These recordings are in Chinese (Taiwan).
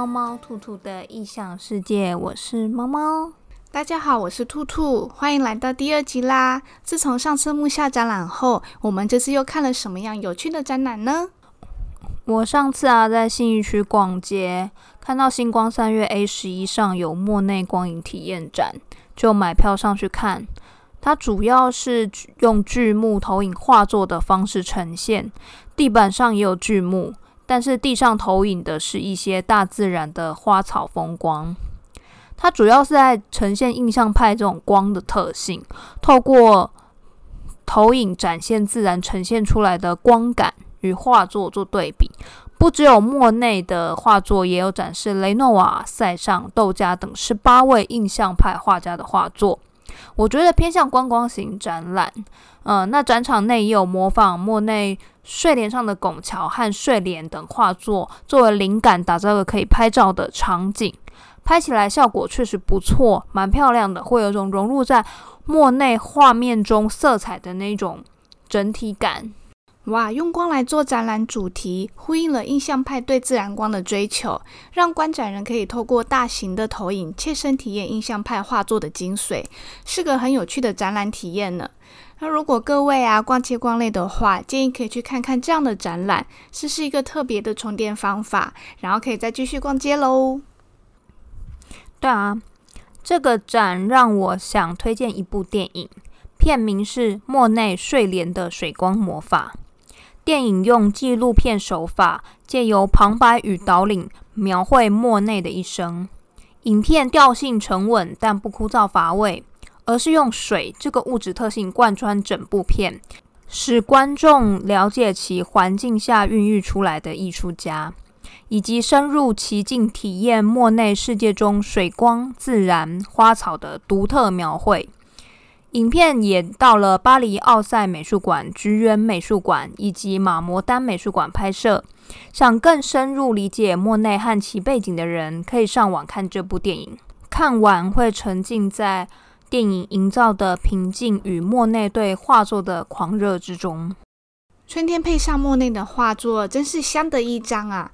貓貓兔兔的異想世界，我是貓貓，大家好，我是兔兔，歡迎來到第二集啦！自從上次木下展覽後，我們這次又看了什麼樣有趣的展覽呢？我上次啊在信義區逛街，看到新光三越 A11 上有莫內光影體驗展，就買票上去看。它主要是用巨幕投影畫作的方式呈現，地板上也有巨幕。但是地上投影的是一些大自然的花草風光，它主要是在呈現印象派這種光的特性，透過投影展現自然呈現出來的光感與畫作做對比。不只有莫內的畫作，也有展示雷諾瓦、塞尚、竇加等十八位印象派畫家的畫作。我覺得偏向觀光型展覽。嗯、呃，那展場內也有模仿莫內。睡蓮上的拱橋和睡蓮等畫作作為靈感，打造了可以拍照的場景，拍起來效果確實不錯，蠻漂亮的，會有一種融入在莫內畫面中色彩的那種整體感。哇，用光來做展覽主題，呼應了印象派對自然光的追求，讓觀展人可以透過大型的投影切身體驗印象派畫作的精髓，是個很有趣的展覽體驗呢。那、啊、如果各位啊逛街逛累的話，建議可以去看看這樣的展覽，試試一個特別的充電方法，然後可以再繼續逛街嘍。對啊，這個展讓我想推薦一部電影，片名是《莫內睡蓮的水光魔法》。電影用紀錄片手法，借由旁白與導領描繪莫內的一生。影片調性沉穩，但不枯燥乏味。而是用水這個物質特性貫穿整部片，使觀眾了解其環境下孕育出來的藝術家，以及深入其境體驗莫內世界中水光、自然、花草的獨特描繪。影片也到了巴黎奧賽美術館、橘園美術館以及馬摩丹美術館拍攝。想更深入理解莫內和其背景的人，可以上網看這部電影。看完會沉浸在。電影營造的平靜與莫內對畫作的狂熱之中，春天配上莫內的畫作真是相得益彰啊！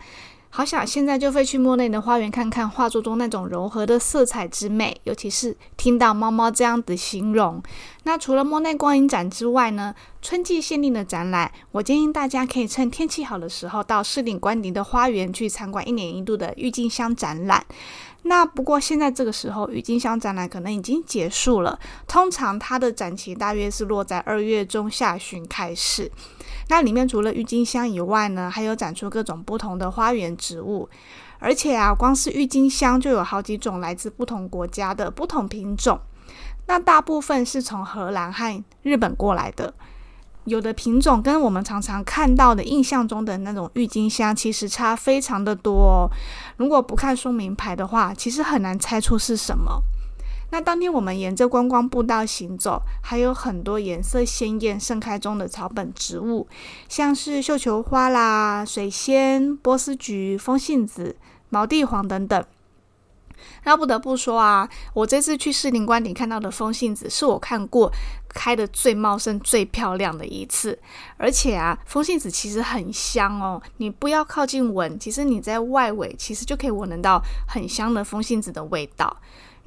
好想現在就飛去莫內的花園看看畫作中那種柔和的色彩之美，尤其是聽到貓貓這樣的形容。那除了莫內光影展之外呢，春季限定的展覽，我建議大家可以趁天氣好的時候到士林官邸的花園去參觀一年一度的鬱金香展覽。那不過現在這個時候，鬱金香展覽可能已經結束了。通常它的展期大約是落在二月中下旬開始。那裡面除了鬱金香以外呢，還有展出各種不同的花園植物。而且啊，光是鬱金香就有好幾種來自不同國家的不同品種。那大部分是從荷蘭和日本過來的。有的品種跟我們常常看到的印象中的那種鬱金香其實差非常的多哦。如果不看說明牌的話，其實很難猜出是什麼。那當天我們沿着觀光步道行走，還有很多顏色鮮艷、盛開中的草本植物，像是繡球花啦、水仙、波斯菊、風信子、毛地黃等等。那不得不說啊，我這次去士林官邸看到的風信子是我看過開的最茂盛、最漂亮的一次。而且啊，風信子其實很香哦，你不要靠近聞，其實你在外圍其實就可以聞得到很香的風信子的味道。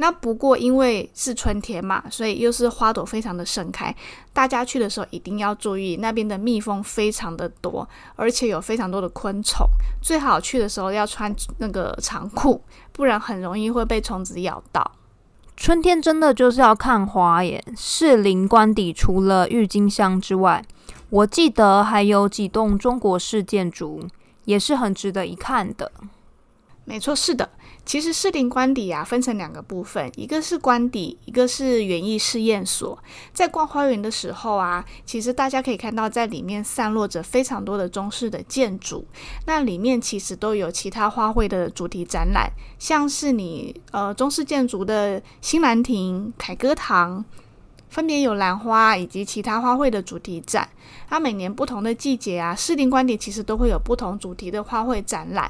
那不過因為是春天嘛，所以又是花朵非常的盛開。大家去的時候一定要注意，那邊的蜜蜂非常的多，而且有非常多的昆蟲。最好去的時候要穿那個長褲，不然很容易會被蟲子咬到。春天真的就是要看花耶！士林官邸除了鬱金香之外，我記得還有幾棟中國式建築，也是很值得一看的。沒錯，是的，其實士林官邸啊，分成兩個部分，一個是官邸，一個是園藝試驗所。在逛花園的時候啊，其實大家可以看到，在裡面散落着非常多的中式的建築，那裡面其實都有其他花卉的主題展覽，像是你呃中式建築的新蘭亭、凱歌堂，分別有蘭花以及其他花卉的主題展。它、啊、每年不同的季節啊，士林官邸其實都會有不同主題的花卉展覽。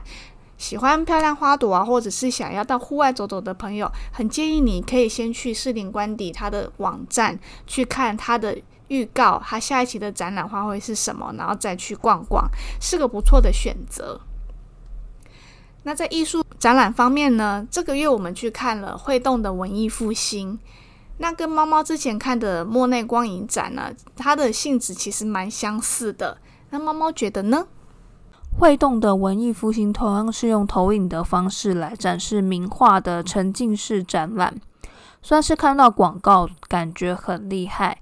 喜歡漂亮花朵啊，或者是想要到戶外走走的朋友，很建議你可以先去士林官邸它的網站去看它的預告，它下一期的展覽花卉是什麼，然後再去逛逛，是個不錯的選擇。那在藝術展覽方面呢，這個月我們去看了會動的文藝復興，那跟貓貓之前看的莫內光影展呢、啊，它的性質其實蠻相似的。那貓貓覺得呢？會動的文藝復興同樣是用投影的方式來展示名畫的沉浸式展覽，算是看到廣告感覺很厲害，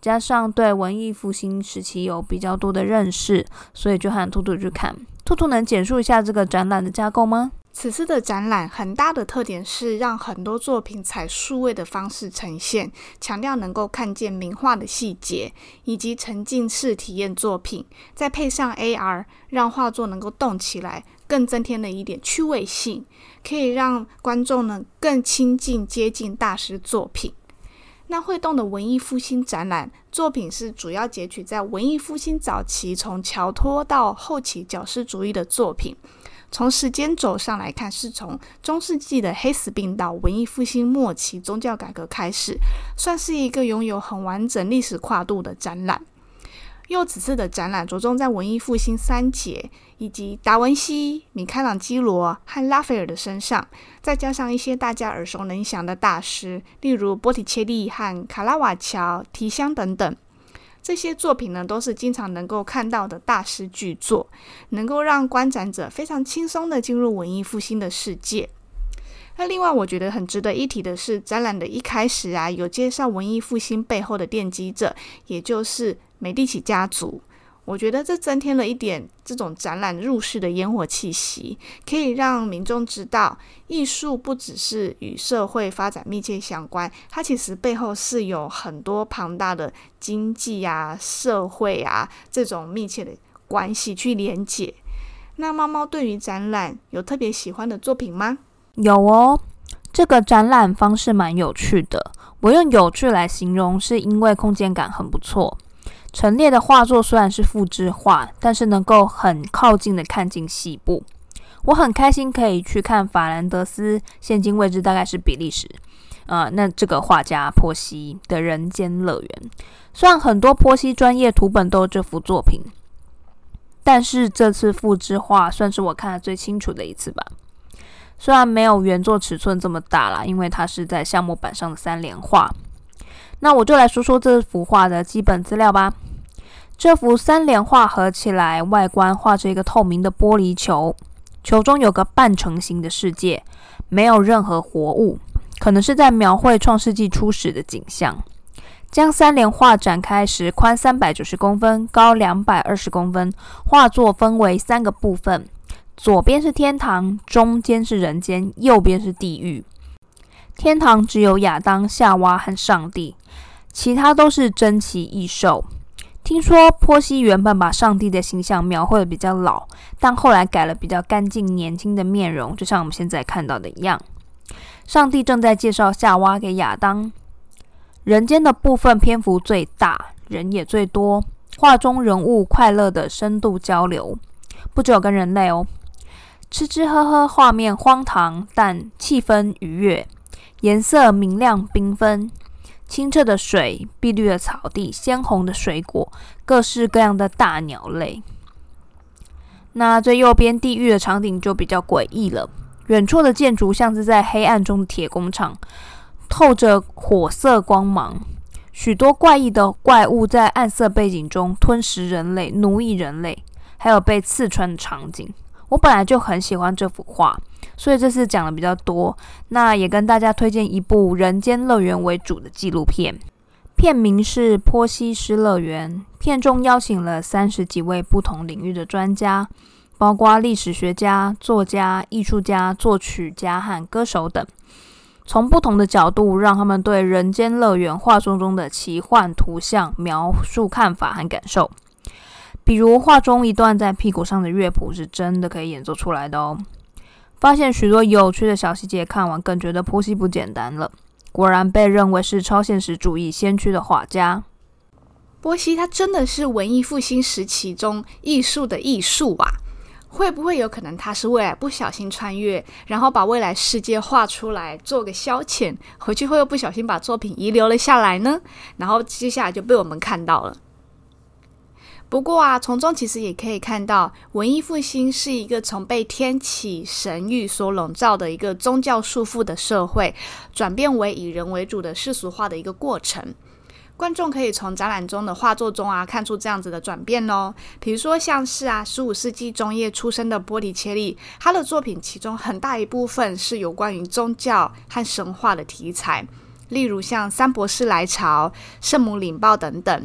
加上對文藝復興時期有比較多的認識，所以就喊兔兔去看。兔兔能簡述一下這個展覽的架構嗎？此次的展覽很大的特點是讓很多作品採數位的方式呈現，強調能夠看見名畫的細節，以及沉浸式體驗作品。再配上 AR，讓畫作能夠動起來，更增添了一點趣味性，可以讓觀眾呢更親近、接近大師作品。那會動的文藝復興展覽作品是主要截取在文藝復興早期，從喬托到後期矯飾主義的作品。從時間軸上來看，是從中世紀的黑死病到文藝復興末期宗教改革開始，算是一個擁有很完整歷史跨度的展覽。又此次的展覽着重在文藝復興三傑以及達文西、米開朗基羅和拉斐爾的身上，再加上一些大家耳熟能詳的大師，例如波提切利和卡拉瓦喬、提香等等。這些作品呢，都是經常能夠看到的大師巨作，能夠讓觀展者非常輕鬆地進入文藝復興的世界。那另外，我覺得很值得一提的是，展覽的一開始啊，有介紹文藝復興背後的奠基者，也就是美第奇家族。我覺得這增添了一點這種展覽入世的煙火氣息，可以讓民眾知道藝術不只是與社會發展密切相關，它其實背後是有很多龐大的經濟啊、社會啊這種密切的關係去連接。那貓貓對於展覽有特別喜歡的作品嗎？有哦，這個展覽方式蠻有趣的。我用有趣來形容，是因為空間感很不錯。陳列的畫作雖然是複製畫，但是能夠很靠近的看進細部。我很開心可以去看法蘭德斯，現今位置大概是比利時。啊、呃，那這個畫家波西的人間樂園，雖然很多波西專業圖本都有這幅作品，但是這次複製畫算是我看得最清楚的一次吧。雖然沒有原作尺寸這麼大啦，因為它是在橡木板上的三聯畫。那我就來說說這幅畫的基本資料吧。這幅三聯畫合起來，外觀畫着一個透明的玻璃球，球中有個半成型的世界，沒有任何活物，可能是在描繪創世紀初始的景象。將三聯畫展開時，寬三百九十公分，高兩百二十公分。畫作分為三個部分，左邊是天堂，中間是人間，右邊是地獄。天堂只有亞當、夏娃和上帝，其他都是珍奇異獸。聽說波西原本把上帝的形象描繪得比較老，但後來改了比較乾淨年輕的面容，就像我們現在看到的一樣。上帝正在介紹夏娃給亞當。人間的部分篇幅最大，人也最多。畫中人物快樂的深度交流，不只有跟人類哦，吃吃喝喝，畫面荒唐，但氣氛愉悅。顏色明亮繽紛，清澈的水，碧綠的草地，鮮紅的水果，各式各樣的大鳥類。那最右邊地獄的場景就比較詭異了。遠處的建築像是在黑暗中的鐵工廠，透着火色光芒。許多怪異的怪物在暗色背景中吞食人類、奴役人類，還有被刺穿的場景。我本來就很喜歡這幅畫，所以這次講的比較多。那也跟大家推薦一部《人間樂園》為主的紀錄片，片名是《波西斯樂園》。片中邀請了三十幾位不同領域的專家，包括歷史學家、作家、藝術家、作曲家和歌手等，從不同的角度，讓他們對《人間樂園》畫作中，中的奇幻圖像描述、看法和感受。比如畫中一段在屁股上的樂譜是真的可以演奏出來的哦！發現許多有趣的小細節，看完更覺得波西不簡單了。果然被認為是超現實主義先驅的畫家波西，他真的是文藝復興時期中藝術的藝術啊！會不會有可能他是未來不小心穿越，然後把未來世界畫出來做個消遣，回去後又不小心把作品遺留了下來呢？然後接下來就被我們看到了。不過啊，從中其實也可以看到，文藝復興是一個從被天啟神諭所籠罩的一個宗教束縛的社會，轉變為以人為主的世俗化的一個過程。觀眾可以從展覽中的畫作中啊看出這樣子的轉變哦。比如說像是啊，十五世紀中葉出生的波提切利，他的作品其中很大一部分是有關於宗教和神話的題材，例如像三博士來朝、聖母領報等等，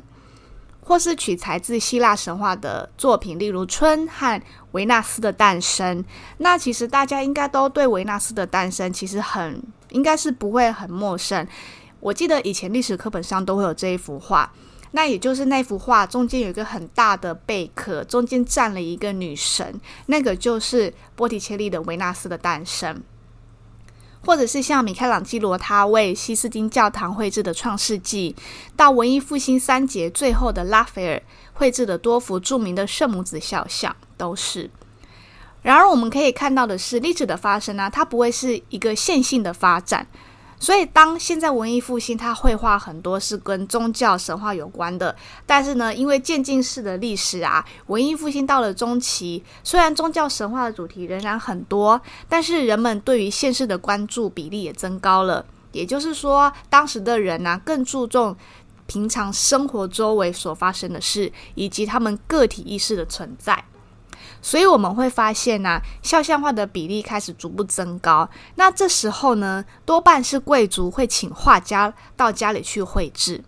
或是取材自希臘神話的作品，例如《春》和《維納斯的誕生》。那其實大家應該都對《維納斯的誕生》其實很應該是不會很陌生。我記得以前歷史課本上都會有這一幅畫。那也就是那幅畫中間有一個很大的貝殼，中間站了一個女神，那個就是波提切利的《維納斯的誕生》。或者是像米開朗基羅他為西斯丁教堂繪製的《創世紀》，到文藝復興三傑最後的拉斐爾繪製的多幅著名的聖母子肖像，都是。然而我們可以看到的是，歷史的發生呢、啊，它不會是一個線性的發展。所以，當現在文藝復興，它繪畫很多是跟宗教神話有關的。但是呢，因為漸進式的歷史啊，文藝復興到了中期，雖然宗教神話的主題仍然很多，但是人們對於現實的關注比例也增高了。也就是說，當時的人呢、啊，更注重平常生活周圍所發生的事，以及他們個體意識的存在。所以我們會發現啊，肖像畫的比例開始逐步增高。那這時候呢，多半是貴族會請畫家到家裡去繪製。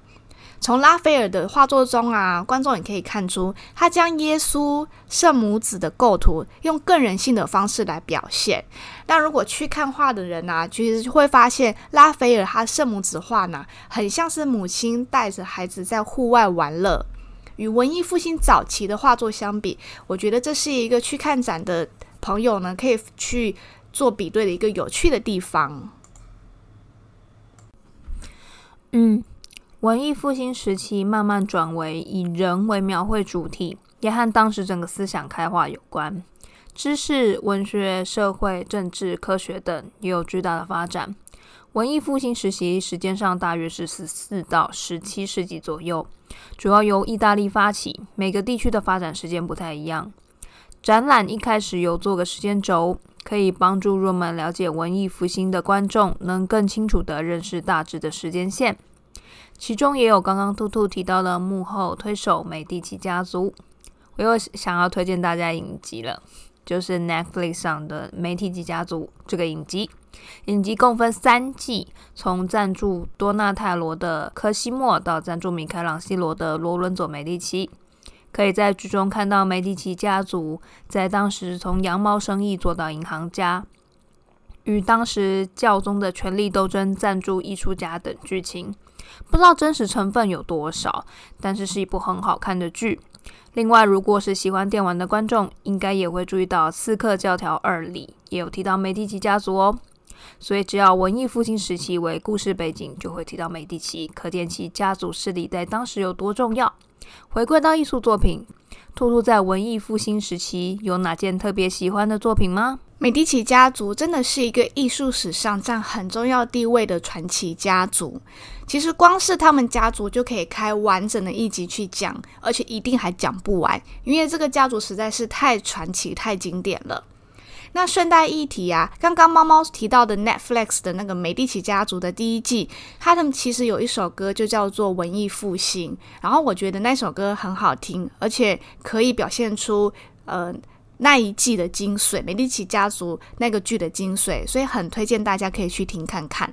從拉斐爾的畫作中啊，觀眾也可以看出，他將耶穌聖母子的構圖用更人性的方式來表現。那如果去看畫的人啊，其實會發現拉斐爾他聖母子畫呢，很像是母親帶着孩子在戶外玩樂。與文藝復興早期的畫作相比，我覺得這是一個去看展的朋友呢，可以去做比對的一個有趣的地方。嗯，文藝復興時期慢慢轉為以人為描繪主題，也和當時整個思想開化有關，知識、文學、社會、政治、科學等也有巨大的發展。文藝復興時期，時間上大約是十四到十七世紀左右，主要由意大利發起。每個地區的發展時間不太一樣。展覽一開始有做個時間軸，可以幫助入門了解文藝復興的觀眾能更清楚地認識大致的時間線。其中也有剛剛兔兔提到的幕後推手美第奇家族，我又想要推薦大家影集了，就是 Netflix 上的《美第奇家族》這個影集。影集共分三季，從贊助多納泰羅的科西莫到贊助米開朗基羅的羅倫佐·梅蒂奇，可以在劇中看到梅蒂奇家族在當時從羊毛生意做到銀行家，與當時教宗的權力鬥爭、贊助藝術家等劇情。不知道真實成分有多少，但是是一部很好看的劇。另外，如果是喜歡電玩的觀眾，應該也會注意到《刺客教條二》裡也有提到梅蒂奇家族哦。所以，只要文藝復興時期為故事背景，就會提到美第奇，可見其家族勢力在當時有多重要。回歸到藝術作品，兔兔在文藝復興時期有哪件特別喜歡的作品嗎？美第奇家族真的是一個藝術史上占很重要地位的傳奇家族。其實，光是他們家族就可以開完整的一集去講，而且一定還講不完，因為這個家族實在是太傳奇、太經典了。那順帶一提啊，剛剛貓貓提到的 Netflix 的那個《美第奇家族》的第一季，他們其實有一首歌就叫做《文藝復興》，然後我覺得那首歌很好聽，而且可以表現出呃那一季的精髓，《美第奇家族》那個劇的精髓，所以很推薦大家可以去聽看看。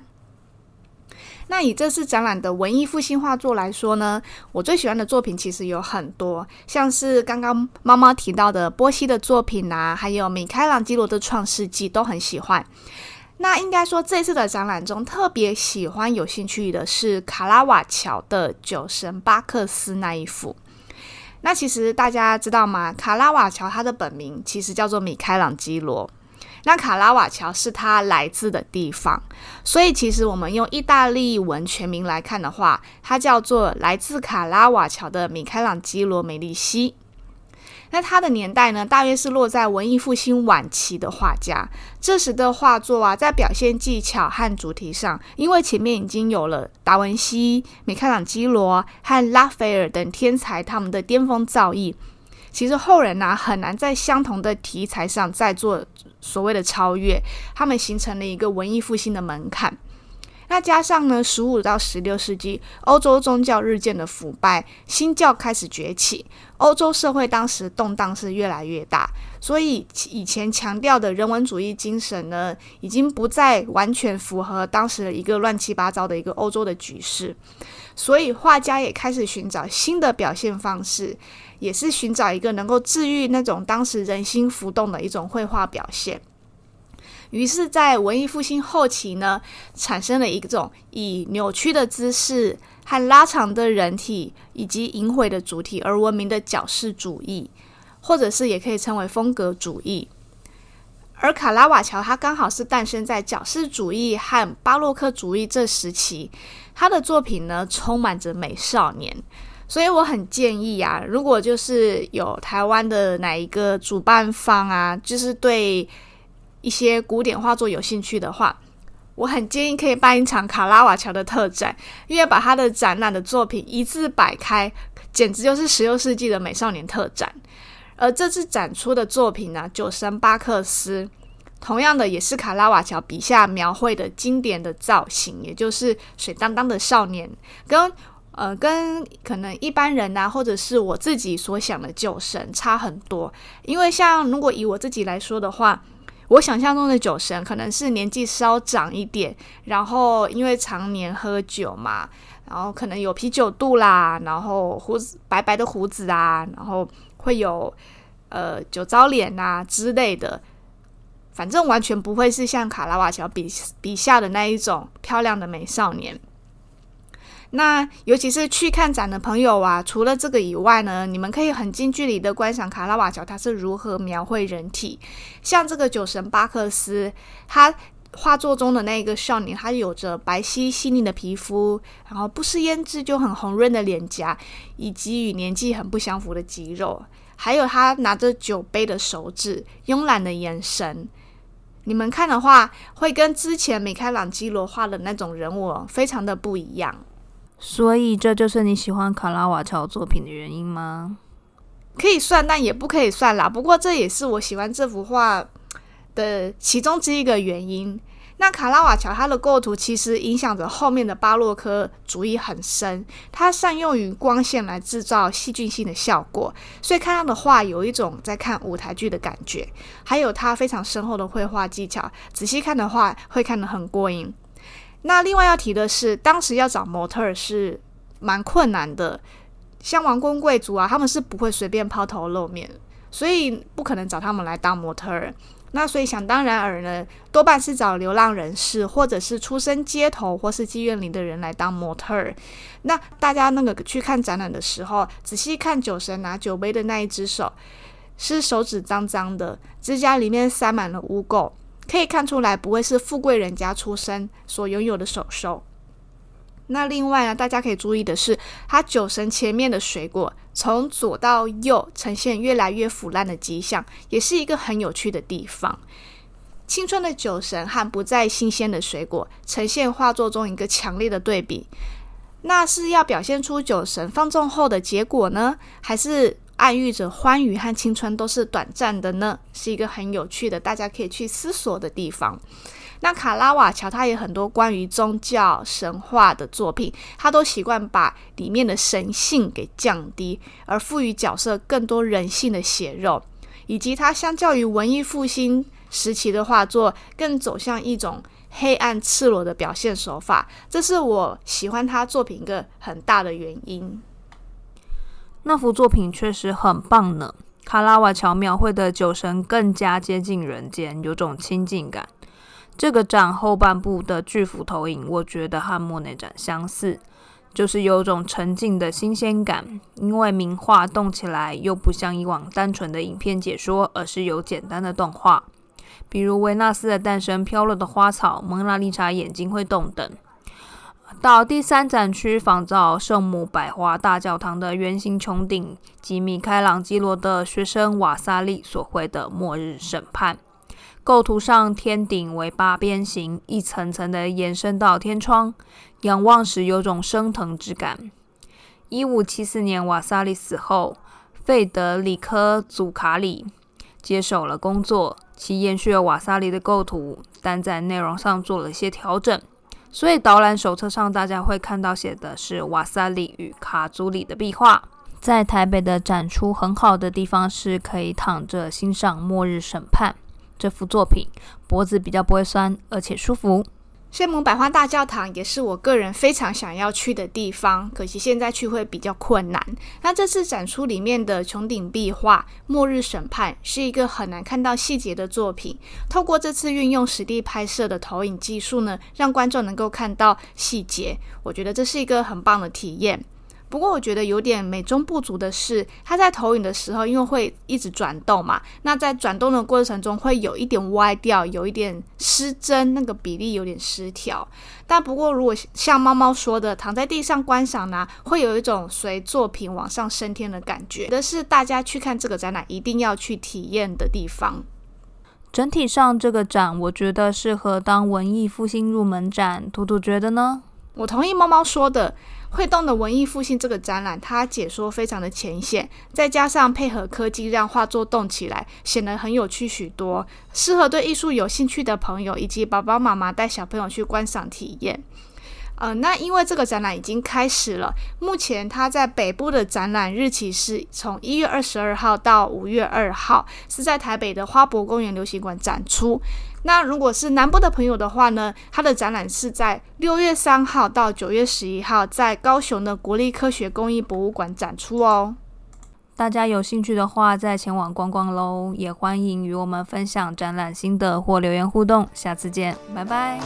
那以這次展覽的文藝復興畫作來說呢，我最喜歡的作品其實有很多，像是剛剛貓貓提到的波西的作品啊，還有米開朗基羅的《創世紀》都很喜歡。那應該說這次的展覽中特別喜歡有興趣的是卡拉瓦喬的《酒神巴克斯》那一幅。那其實大家知道嗎？卡拉瓦喬他的本名其實叫做米開朗基羅。那卡拉瓦喬是他來自的地方，所以其實我們用意大利文全名來看的話，他叫做來自卡拉瓦喬的米開朗基羅梅利西。那他的年代呢，大約是落在文藝復興晚期的畫家。這時的畫作啊，在表現技巧和主題上，因為前面已經有了達文西、米開朗基羅和拉斐爾等天才他們的巔峰造詣，其實後人呢、啊、很難在相同的題材上再做。所謂的超越，他們形成了一個文藝復興的門檻。那加上呢，十五到十六世紀，歐洲宗教日漸的腐敗，新教開始崛起，歐洲社會當時動盪是越來越大。所以以前強調的人文主義精神呢，已經不再完全符合當時的一個亂七八糟的一個歐洲的局勢。所以畫家也開始尋找新的表現方式。也是尋找一個能夠治癒那種當時人心浮動的一種繪畫表現，於是，在文藝復興後期呢，產生了一種以扭曲的姿勢和拉長的人體以及淫穢的主體而聞名的矯飾主義，或者是也可以稱為風格主義。而卡拉瓦喬他剛好是誕生在矯飾主義和巴洛克主義這時期，他的作品呢，充滿着美少年。所以我很建議啊，如果就是有台灣的哪一個主辦方啊，就是對一些古典畫作有興趣的話，我很建議可以辦一場卡拉瓦喬的特展，因為把他的展覽的作品一字擺開，簡直就是十六世紀的美少年特展。而這次展出的作品呢、啊，酒神巴克斯，同樣的也是卡拉瓦喬筆下描繪的經典的造型，也就是水當當的少年跟。呃，跟可能一般人啊，或者是我自己所想的酒神差很多。因為像如果以我自己來說的話，我想象中的酒神可能是年紀稍長一點，然後因為常年喝酒嘛，然後可能有啤酒肚啦，然後鬍子白白的鬍子啊，然後會有呃酒糟臉啊之類的。反正完全不會是像卡拉瓦喬筆筆下的那一種漂亮的美少年。那尤其是去看展的朋友啊，除了這個以外呢，你們可以很近距離的觀賞卡拉瓦喬他是如何描繪人體。像這個酒神巴克斯，他畫作中的那個少年，他有着白皙細膩的皮膚，然後不施胭脂就很紅潤的臉頰，以及與年紀很不相符的肌肉，還有他拿着酒杯的手指，慵懶的眼神。你們看的話，會跟之前米開朗基羅畫的那種人物非常的不一樣。所以這就是你喜歡卡拉瓦喬作品的原因嗎？可以算，但也不可以算啦。不過這也是我喜歡這幅畫的其中之一個原因。那卡拉瓦喬他的構圖其實影響着後面的巴洛克主義很深，他善用於光線來制造戲劇性的效果，所以看他的畫有一種在看舞台劇的感覺。還有他非常深厚的繪畫技巧，仔細看的話會看得很過癮。那另外要提的是，當時要找模特兒是蠻困難的，像王公貴族啊，他們是不會隨便拋頭露面，所以不可能找他們來當模特兒。那所以想當然爾呢，多半是找流浪人士，或者是出身街頭或是妓院裡的人來當模特兒。那大家那個去看展覽的時候，仔細看酒神拿、啊、酒杯的那一隻手，是手指髒髒的，指甲裡面塞滿了污垢。可以看出來，不會是富貴人家出身所擁有的手手。那另外呢、啊，大家可以注意的是，他酒神前面的水果從左到右呈現越來越腐爛的跡象，也是一個很有趣的地方。青春的酒神和不再新鮮的水果，呈現畫作中一個強烈的對比。那是要表現出酒神放縱後的結果呢，還是？暗喻着歡愉和青春都是短暫的呢，是一個很有趣的，大家可以去思索的地方。那卡拉瓦喬他也很多關於宗教神話的作品，他都習慣把裡面的神性給降低，而賦予角色更多人性的血肉，以及他相較於文藝復興時期的畫作，更走向一種黑暗赤裸的表現手法，這是我喜歡他作品一個很大的原因。那幅作品確實很棒呢。卡拉瓦喬描繪的酒神更加接近人間，有種親近感。這個展後半部的巨幅投影，我覺得和莫內展相似，就是有種沉浸的新鮮感。因為名畫動起來，又不像以往單純的影片解說，而是有簡單的動畫，比如維納斯的誕生、飄落的花草、蒙娜麗莎眼睛會動等。到第三展區，仿造聖母百花大教堂的圓形穹頂及米開朗基羅的學生瓦薩利所繪的《末日審判》，構圖上天頂為八邊形，一層層的延伸到天窗，仰望時有種升騰之感。一五七四年，瓦薩利死後，費德里科·祖卡里接手了工作，其延續了瓦薩利的構圖，但在內容上做了一些調整。所以導覽手冊上大家會看到寫的是瓦薩里與卡祖里的壁畫，在台北的展出很好的地方是可以躺着欣賞《末日審判》這幅作品，脖子比較不會酸，而且舒服。聖母百花大教堂也是我個人非常想要去的地方，可惜現在去會比較困難。那這次展出裡面的穹頂壁畫《末日審判》是一個很難看到細節的作品，透過這次運用實地拍攝的投影技術呢，讓觀眾能夠看到細節，我覺得這是一個很棒的體驗。不過我覺得有點美中不足的是，它在投影的時候，因為會一直轉動嘛，那在轉動的過程中會有一點歪掉，有一點失真，那個比例有點失調。但不過如果像貓貓說的，躺在地上觀賞呢，會有一種隨作品往上升天的感覺，這是大家去看這個展覽一定要去體驗的地方。整體上這個展，我覺得適合當文藝復興入門展。兔兔覺得呢？我同意貓貓說的。會動的文藝復興這個展覽，它解說非常的淺顯，再加上配合科技讓畫作動起來，顯得很有趣許多，適合對藝術有興趣的朋友以及爸爸媽媽帶小朋友去觀賞體驗。呃，那因為這個展覽已經開始了，目前它在北部的展覽日期是從一月二十二號到五月二號，是在台北的花博公園流行館展出。那如果是南部的朋友的話呢，他的展覽是在六月三號到九月十一號，在高雄的國立科學工藝博物館展出哦。大家有興趣的話，再前往逛逛嘍。也歡迎與我們分享展覽心得或留言互動。下次見，拜拜。